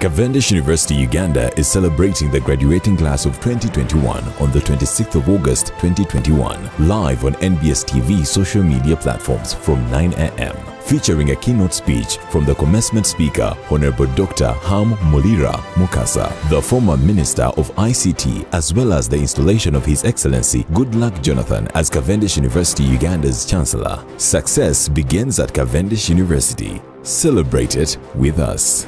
Cavendish University Uganda is celebrating the graduating class of 2021 on the 26th of August 2021, live on NBS TV social media platforms from 9 a.m., featuring a keynote speech from the commencement speaker, Honorable Dr. Ham Molira Mukasa, the former Minister of ICT, as well as the installation of His Excellency Goodluck Jonathan as Cavendish University Uganda's Chancellor. Success begins at Cavendish University. Celebrate it with us.